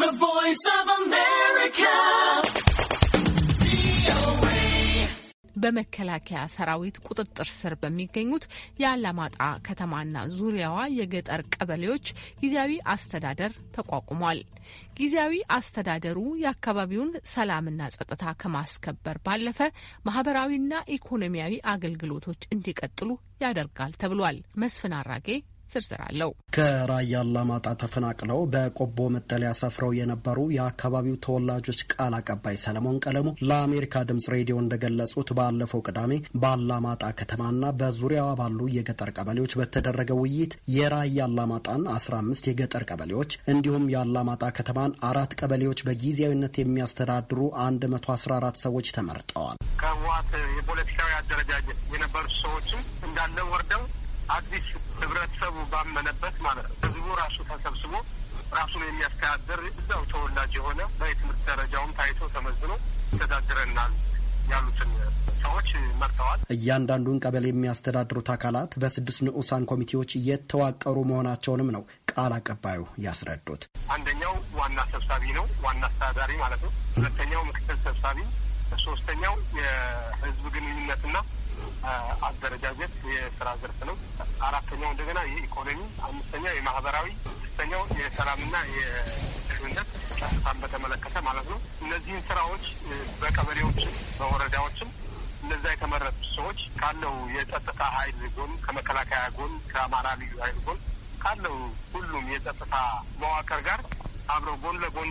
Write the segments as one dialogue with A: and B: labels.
A: The Voice of America. በመከላከያ ሰራዊት ቁጥጥር ስር በሚገኙት የአላማጣ ከተማና ዙሪያዋ የገጠር ቀበሌዎች ጊዜያዊ አስተዳደር ተቋቁሟል። ጊዜያዊ አስተዳደሩ የአካባቢውን ሰላምና ጸጥታ ከማስከበር ባለፈ ማህበራዊና ኢኮኖሚያዊ አገልግሎቶች እንዲቀጥሉ ያደርጋል ተብሏል። መስፍን አራጌ ዝርዝር አለው። ከራያ አላማጣ ተፈናቅለው በቆቦ መጠለያ ሰፍረው የነበሩ የአካባቢው ተወላጆች ቃል አቀባይ ሰለሞን ቀለሙ ለአሜሪካ ድምጽ ሬዲዮ እንደገለጹት ባለፈው ቅዳሜ በአላማጣ ከተማና በዙሪያዋ ባሉ የገጠር ቀበሌዎች በተደረገ ውይይት የራያ አላማጣን አስራ አምስት የገጠር ቀበሌዎች እንዲሁም የአላማጣ ከተማን አራት ቀበሌዎች በጊዜያዊነት የሚያስተዳድሩ አንድ መቶ አስራ አራት ሰዎች ተመርጠዋል። እያንዳንዱን ቀበሌ የሚያስተዳድሩት አካላት በስድስት ንዑሳን ኮሚቴዎች እየተዋቀሩ መሆናቸውንም ነው ቃል አቀባዩ ያስረዱት። አንደኛው ዋና ሰብሳቢ ነው፣ ዋና አስተዳዳሪ ማለት ነው።
B: ሁለተኛው ምክትል ሰብሳቢ፣ ሶስተኛው የህዝብ ግንኙነትና አደረጃጀት የስራ ዘርፍ ነው። አራተኛው እንደገና የኢኮኖሚ፣ አምስተኛው የማህበራዊ፣ ስድስተኛው የሰላምና የደህንነት ጸጥታን በተመለከተ ማለት ነው። እነዚህን ስራዎች በቀበሌዎች የጸጥታ ኃይል ጎን ከመከላከያ ጎን ከአማራ ልዩ ኃይል ጎን ካለው ሁሉም የጸጥታ መዋቅር ጋር
A: አብረው ጎን ለጎን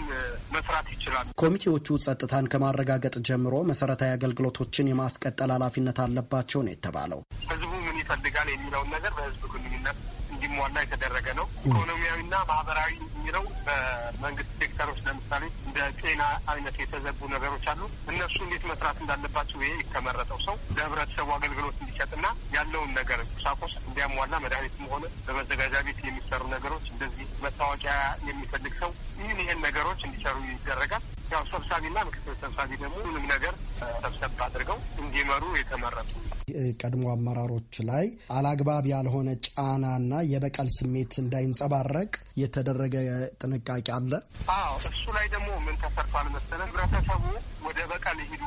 A: መስራት ይችላል። ኮሚቴዎቹ ጸጥታን ከማረጋገጥ ጀምሮ መሰረታዊ አገልግሎቶችን የማስቀጠል ኃላፊነት አለባቸው ነው የተባለው። ህዝቡ ምን ይፈልጋል የሚለውን ነገር በህዝብ ግንኙነት እንዲሟላ የተደረገ ነው። ኢኮኖሚያዊና ማህበራዊ የሚለው
B: በመንግስት ሴክተሮች ለምሳሌ እንደ ጤና አይነት የተዘቡ ነገሮች አሉ። እነሱ እንዴት መስራት እንዳለባቸው ይሄ የተመረጠው ሰው ለህብረተሰቡ አገልግሎት እንዲ
A: ቀድሞ አመራሮች ላይ አላግባብ ያልሆነ ጫናና የበቀል ስሜት እንዳይንጸባረቅ የተደረገ ጥንቃቄ አለ።
B: አዎ እሱ ላይ ደግሞ ምን ተሰርቷል መሰለ፣ ህብረተሰቡ ወደ በቀል ሂዶ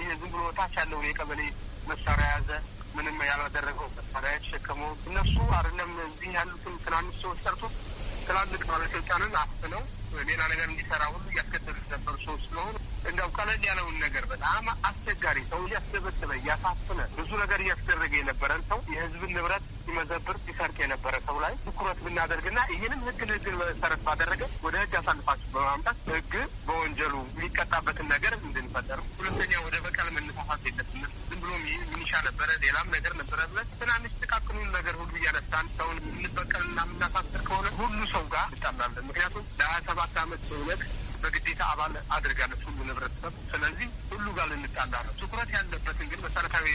B: ይህ ዝም ብሎ ታች ያለውን የቀበሌ መሳሪያ ያዘ ምንም ያላደረገው መሳሪያ የተሸከመው እነሱ አይደለም እዚህ ያሉትን ትናንሽ ሰዎች ጠርቶት ትላልቅ ባለስልጣንን አፍነው ሌላ ነገር እንዲሰራ ሁሉ እያስገደሉ ነበሩ። ሰው ስለሆኑ እንዲያው ቀለል ያለውን ነገር በጣም አስቸጋሪ ሰው እያስደበደበ እያሳፍነ ብዙ ነገር እያስደረገ የነበረን ሰው የህዝብን ንብረት ሲመዘብር ሲሰርቅ የነበረ ሰው ላይ ትኩረት ብናደርግና ይህንም ህግን ህግን መሰረት ባደረገ ወደ ህግ አሳልፈ በማምጣት ህግ በወንጀሉ የሚቀጣበትን ነገር እንድንፈጠር፣ ሁለተኛ ወደ በቀል መነሳሳት የለብንም። ዝም ብሎ ሚኒሻ ነበረ፣ ሌላም ነገር ነበረ ብለን ትናንሽ ጥቃቅኑን ነገር ሁሉ እያነሳን ሰውን የምንበቀልና የምናሳስር ከሆነ ሁሉ ሰው ጋር እንጣላለን። ምክንያቱም ለሀያ ሰባት አመት ሰውነት በግዴታ አባል አድርጋለች ሁሉ ህብረተሰብ። ስለዚህ ሁሉ ጋር ልንጣላ ነው። ትኩረት ያለበትን ግን መሰረታዊ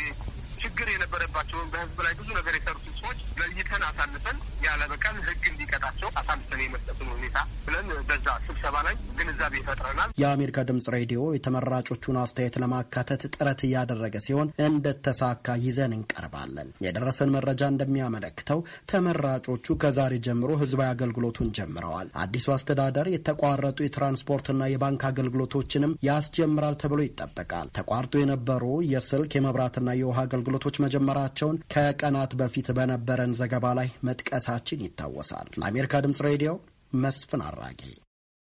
B: ችግር የነበረባቸውን በህዝብ ላይ ብዙ ነገር የሰሩትን ሰዎች በይተን አሳልፈን ያለ ህግ እንዲቀጣቸው አሳልፈን የመስጠቱን
A: ሁኔታ ብለን በዛ ስብሰ የአሜሪካ ድምጽ ሬዲዮ የተመራጮቹን አስተያየት ለማካተት ጥረት እያደረገ ሲሆን እንደተሳካ ይዘን እንቀርባለን። የደረሰን መረጃ እንደሚያመለክተው ተመራጮቹ ከዛሬ ጀምሮ ህዝባዊ አገልግሎቱን ጀምረዋል። አዲሱ አስተዳደር የተቋረጡ የትራንስፖርትና የባንክ አገልግሎቶችንም ያስጀምራል ተብሎ ይጠበቃል። ተቋርጦ የነበሩ የስልክ የመብራትና የውሃ አገልግሎቶች መጀመራቸውን ከቀናት በፊት በነበረን ዘገባ ላይ መጥቀሳችን ይታወሳል። ለአሜሪካ ድምጽ ሬዲዮ መስፍን አራጌ